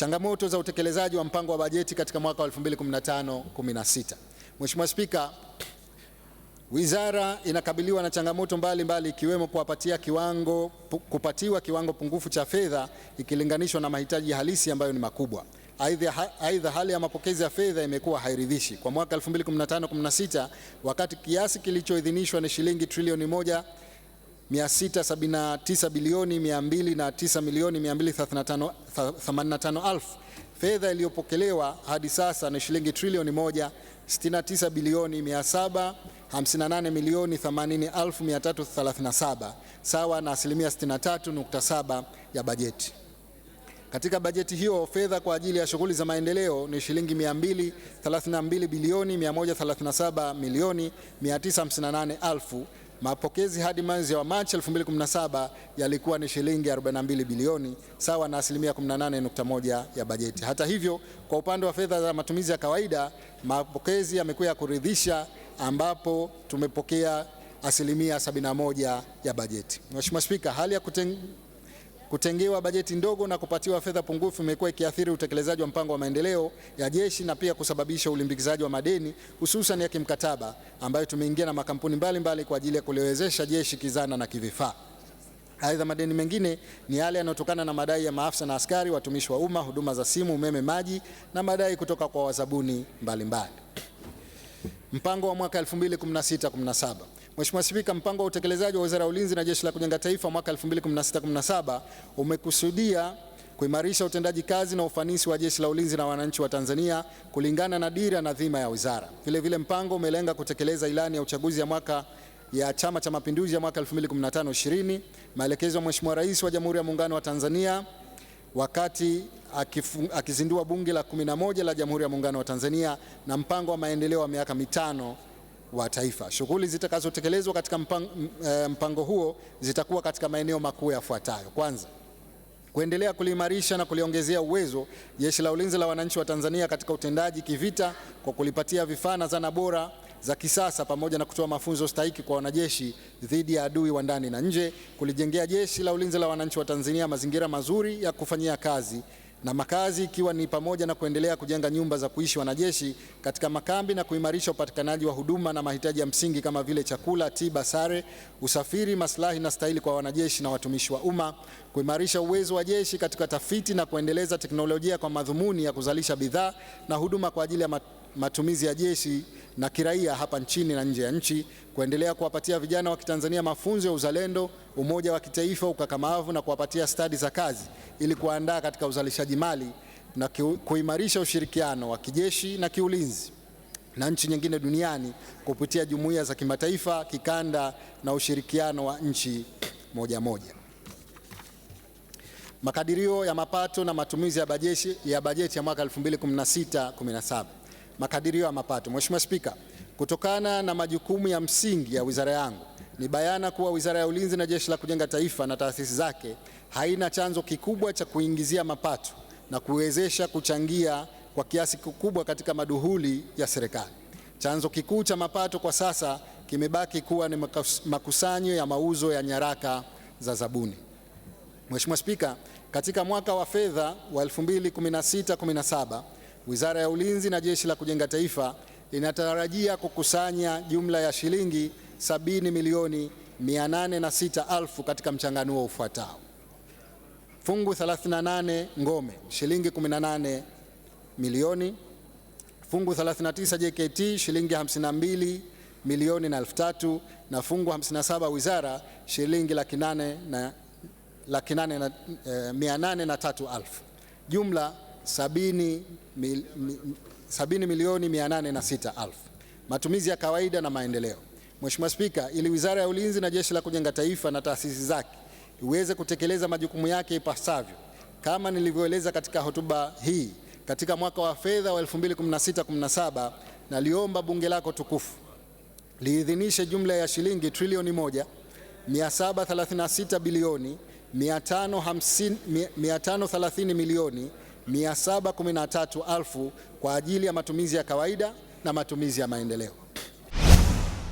Changamoto za utekelezaji wa mpango wa bajeti katika mwaka wa 2015/16. Mheshimiwa Spika, Wizara inakabiliwa na changamoto mbalimbali ikiwemo kuwapatia kiwango, kupatiwa kiwango pungufu cha fedha ikilinganishwa na mahitaji halisi ambayo ni makubwa. Aidha, hali ya mapokezi ya fedha imekuwa hairidhishi kwa mwaka 2015/16 wakati kiasi kilichoidhinishwa ni shilingi trilioni moja 679 bilioni 209 milioni 285 Fedha iliyopokelewa hadi sasa ni shilingi trilioni 169 bilioni 758 milioni 80 sawa na asilimia 63.7 ya bajeti. Katika bajeti hiyo fedha kwa ajili ya shughuli za maendeleo ni shilingi 232 bilioni 137 milioni 958 elfu Mapokezi hadi mwezi wa Machi 2017 yalikuwa ni shilingi 42 bilioni sawa na asilimia 18.1 ya bajeti. Hata hivyo, kwa upande wa fedha za matumizi ya kawaida, mapokezi yamekuwa ya kuridhisha ambapo tumepokea asilimia 71 ya bajeti. Mheshimiwa Spika, hali ya kuteng Kutengewa bajeti ndogo na kupatiwa fedha pungufu imekuwa ikiathiri utekelezaji wa mpango wa maendeleo ya jeshi na pia kusababisha ulimbikizaji wa madeni hususan ya kimkataba ambayo tumeingia na makampuni mbalimbali mbali kwa ajili ya kuliwezesha jeshi kizana na kivifaa. Aidha, madeni mengine ni yale yanayotokana na madai ya maafisa na askari, watumishi wa umma, huduma za simu, umeme, maji na madai kutoka kwa wazabuni mbalimbali mbali. Mpango wa mwaka 2016-17 Mheshimiwa Spika, mpango wa utekelezaji wa Wizara ya Ulinzi na Jeshi la Kujenga Taifa mwaka 2016-2017 umekusudia kuimarisha utendaji kazi na ufanisi wa Jeshi la Ulinzi na wananchi wa Tanzania kulingana na dira na dhima ya wizara. Vile vile mpango umelenga kutekeleza ilani ya uchaguzi ya mwaka ya Chama cha Mapinduzi ya mwaka 2015-2020, maelekezo ya Mheshimiwa Rais wa Jamhuri ya Muungano wa Tanzania wakati akifu, akizindua Bunge la 11 la Jamhuri ya Muungano wa Tanzania na mpango wa maendeleo wa miaka mitano wa taifa. Shughuli zitakazotekelezwa katika mpango, eh, mpango huo zitakuwa katika maeneo makuu yafuatayo. Kwanza, kuendelea kuliimarisha na kuliongezea uwezo Jeshi la Ulinzi la Wananchi wa Tanzania katika utendaji kivita kwa kulipatia vifaa na zana bora za kisasa pamoja na kutoa mafunzo stahiki kwa wanajeshi dhidi ya adui wa ndani na nje, kulijengea Jeshi la Ulinzi la Wananchi wa Tanzania mazingira mazuri ya kufanyia kazi na makazi ikiwa ni pamoja na kuendelea kujenga nyumba za kuishi wanajeshi katika makambi na kuimarisha upatikanaji wa huduma na mahitaji ya msingi kama vile chakula, tiba, sare, usafiri, maslahi na stahili kwa wanajeshi na watumishi wa umma, kuimarisha uwezo wa jeshi katika tafiti na kuendeleza teknolojia kwa madhumuni ya kuzalisha bidhaa na huduma kwa ajili ya matumizi ya jeshi na kiraia hapa nchini na nje ya nchi, kuendelea kuwapatia vijana wa Kitanzania mafunzo ya uzalendo, umoja wa kitaifa, ukakamavu na kuwapatia stadi za kazi ili kuandaa katika uzalishaji mali na kuimarisha ushirikiano wa kijeshi na kiulinzi na nchi nyingine duniani kupitia jumuiya za kimataifa, kikanda na ushirikiano wa nchi moja moja. Makadirio ya mapato na matumizi ya bajeti ya, bajeti ya mwaka 2016-17 makadirio ya mapato. Mheshimiwa Spika, kutokana na majukumu ya msingi ya wizara yangu ni bayana kuwa Wizara ya Ulinzi na Jeshi la Kujenga Taifa na taasisi zake haina chanzo kikubwa cha kuingizia mapato na kuwezesha kuchangia kwa kiasi kikubwa katika maduhuli ya serikali. Chanzo kikuu cha mapato kwa sasa kimebaki kuwa ni makusanyo ya mauzo ya nyaraka za zabuni. Mheshimiwa Spika, katika mwaka wa fedha wa 2016/17 Wizara ya Ulinzi na Jeshi la Kujenga Taifa inatarajia kukusanya jumla ya shilingi sabini milioni mia nane na sita alfu katika mchanganuo ufuatao: fungu 38 ngome shilingi 18 milioni, fungu 39 JKT shilingi 52 milioni na elfu tatu na fungu 57 wizara shilingi laki nane na laki nane na eh, mia nane na tatu alfu jumla sabini, mil, mi, sabini milioni mia nane na sita elfu. Matumizi ya kawaida na maendeleo. Mheshimiwa Spika, ili Wizara ya Ulinzi na Jeshi la Kujenga Taifa na taasisi zake iweze kutekeleza majukumu yake ipasavyo, kama nilivyoeleza katika hotuba hii, katika mwaka wa fedha wa 2016/17 naliomba Bunge lako tukufu liidhinishe jumla ya shilingi trilioni moja 736 bilioni 530 milioni 713,000 kwa ajili ya matumizi ya kawaida na matumizi ya maendeleo.